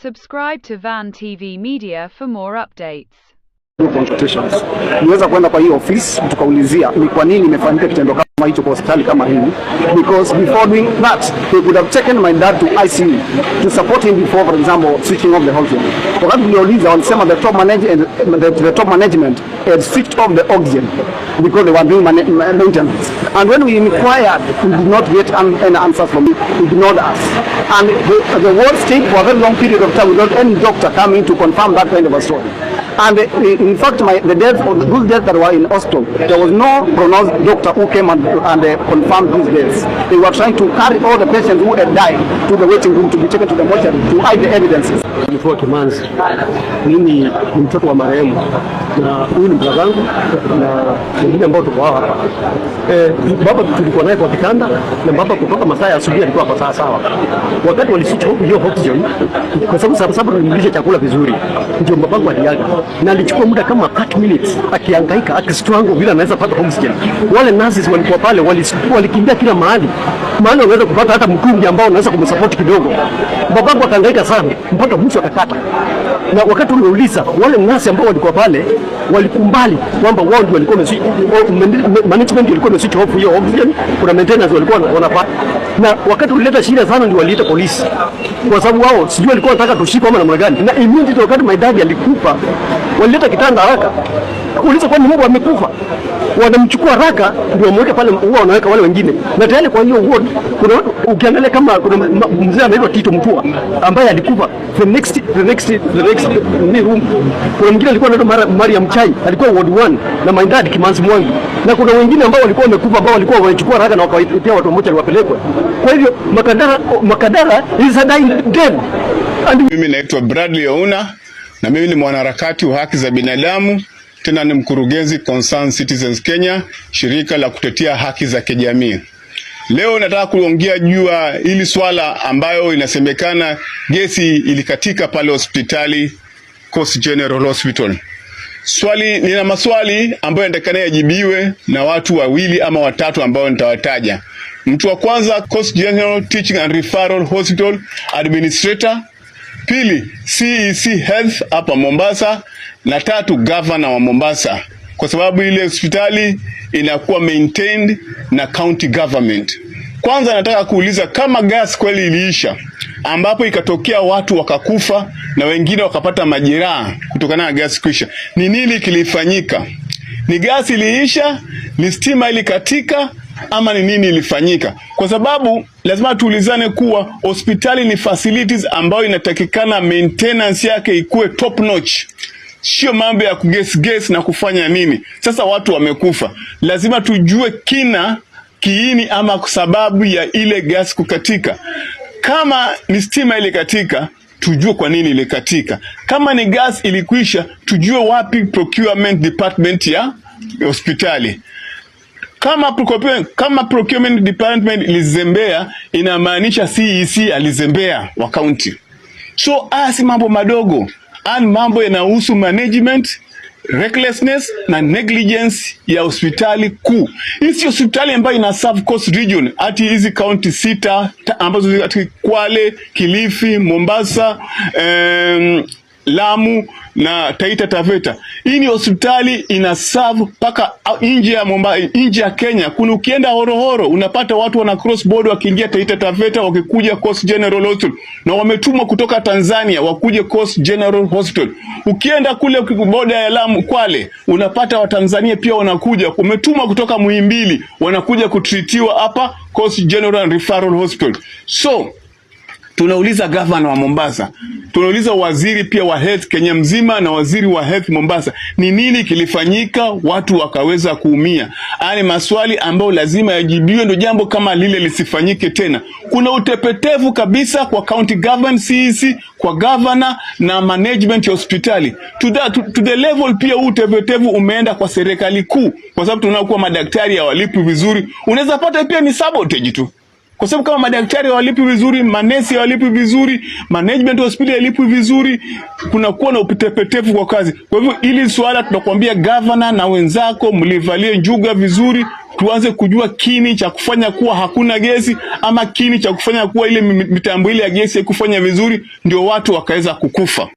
Subscribe to Van TV Media for more updates. Consultations. Niweza kwenda kwa hii ofisi tukaulizia ni kwa nini imefanyika kitendo hicho kwa hospitali kama hii because before doing that they would have taken my dad to ICU e to support him before for example switching off the whole thing. Wakati tuliuliza walisema the top management the, the top management had switched off the oxygen because they were doing maintenance and when we inquired we did not get an, an answer from him ignored us and the, the world stayed for a very long period of time without any doctor coming to confirm that kind of a story. And in fact, my, the deaths, or those deaths that were in hospital, there was no pronounced doctor who came and, and uh, confirmed these deaths. They were trying to carry all the patients who had died to the waiting room to be taken to the mortuary to hide the evidences. Alikuwa Kimanzi, mimi ni mtoto wa marehemu na huyu ni mtoto wangu na wengine ambao tuko hapa. Eh, baba tulikuwa naye kwa kitanda na baba kutoka masaa ya asubuhi alikuwa hapa sawa sawa. Wakati waliswitch hiyo oxygen kwa sababu sababu nilisha chakula vizuri, ndio babangu aliaga na alichukua muda kama 30 minutes akihangaika akistrangle bila anaweza pata oxygen. Wale nurses walikuwa pale, walikimbia kila mahali, maana unaweza kupata hata mkungi ambao unaweza kumsupport kidogo. Babangu akahangaika sana mpaka mwisho akakata, na wakati uliuliza wale nurses ambao walikuwa pale walikumbali kwamba wao ndio walikuwa management walikuwa imeswitch off hiyo oxygen, kuna maintenance walikuwa wanapata na wakati ulileta shida sana ndio waliita polisi, kwa sababu wao sijui walikuwa wanataka tushikwe ama namna gani, na immediately wakati my dad alikufa walileta kitanda haraka. Uliza, kwani Mungu amekufa? Wanamchukua haraka ndio wamweke pale, huwa wanaweka wale wengine na tayari. Kwa hiyo huo kuna ukiangalia, kama kuna mzee anaitwa Tito Mtua ambaye alikufa the next the next the next ni room. Kuna mwingine alikuwa anaitwa Mariam Chai alikuwa ward 1 na Maindadi Kimanzi Mwangi, na kuna wengine ambao walikuwa wamekufa ambao walikuwa wanachukua haraka na wakawapea watu mmoja aliwapelekwa. Kwa hivyo Makadara Makadara is a dying dead. And Mimi naitwa Bradley Ouna na mimi ni mwanaharakati wa haki za binadamu, tena ni mkurugenzi Concern Citizens Kenya, shirika la kutetea haki za kijamii. Leo nataka kuongea jua hili swala ambayo inasemekana gesi ilikatika pale hospitali Coast General Hospital. Swali, nina maswali ambayo yanatakana yajibiwe na watu wawili ama watatu ambao nitawataja. Mtu wa kwanza Coast General Teaching and Referral Hospital Administrator pili CEC e Health hapa Mombasa, na tatu gavana wa Mombasa, kwa sababu ile hospitali inakuwa maintained na county government. Kwanza nataka kuuliza kama gas kweli iliisha, ambapo ikatokea watu wakakufa na wengine wakapata majeraha kutokana na gas kuisha, ni nini kilifanyika? Ni gas iliisha? Ni stima ilikatika? ama ni nini ilifanyika, kwa sababu lazima tuulizane kuwa hospitali ni facilities ambayo inatakikana maintenance yake ikuwe top notch, sio mambo ya ges na kufanya nini. Sasa watu wamekufa, lazima tujue kina kiini ama sababu ya ile gas kukatika. Kama ni stima ilikatika tujue kwa nini ilikatika. Kama ni gas ilikuisha, tujue wapi procurement department ya hospitali kama procurement, kama procurement department ilizembea, inamaanisha CEC e alizembea wa county. So asi mambo madogo an mambo yanahusu management recklessness na negligence ya hospitali kuu. Hii si hospitali ambayo ina serve Coast Region, ati hizi kaunti sita ambazo Kwale, Kilifi, Mombasa, um, Lamu na Taita Taveta. Hii ni hospitali ina serve mpaka nje ya Mombasa, nje ya Kenya. Kuna ukienda Horohoro unapata watu wana cross border wakiingia Taita Taveta wakikuja Coast General Hospital, na wametumwa kutoka Tanzania wakuje Coast General Hospital. Ukienda kule boda ya Lamu Kwale unapata Watanzania pia wanakuja, wametumwa kutoka Muhimbili wanakuja kutritiwa hapa Coast General Referral Hospital so tunauliza gavana wa Mombasa, tunauliza waziri pia wa health Kenya mzima na waziri wa health Mombasa, ni nini kilifanyika watu wakaweza kuumia? Yani maswali ambayo lazima yajibiwe, ndio jambo kama lile lisifanyike tena. Kuna utepetevu kabisa kwa county government, kwa governor na management ya hospitali to the, to, to the level. Pia huu utepetevu umeenda kwa serikali kuu, kwa sababu tunaokuwa madaktari hawalipwi vizuri, unaweza pata pia ni sabotage tu kwa sababu kama madaktari hawalipi vizuri, manesi hawalipi vizuri, management hospitali hailipwi vizuri, kunakuwa na upetepetevu kwa kazi. Kwa hivyo ili swala tunakwambia gavana na wenzako mlivalie njuga vizuri, tuanze kujua kini cha kufanya kuwa hakuna gesi ama kini cha kufanya kuwa ile mitambo ile ya gesi haikufanya vizuri, ndio watu wakaweza kukufa.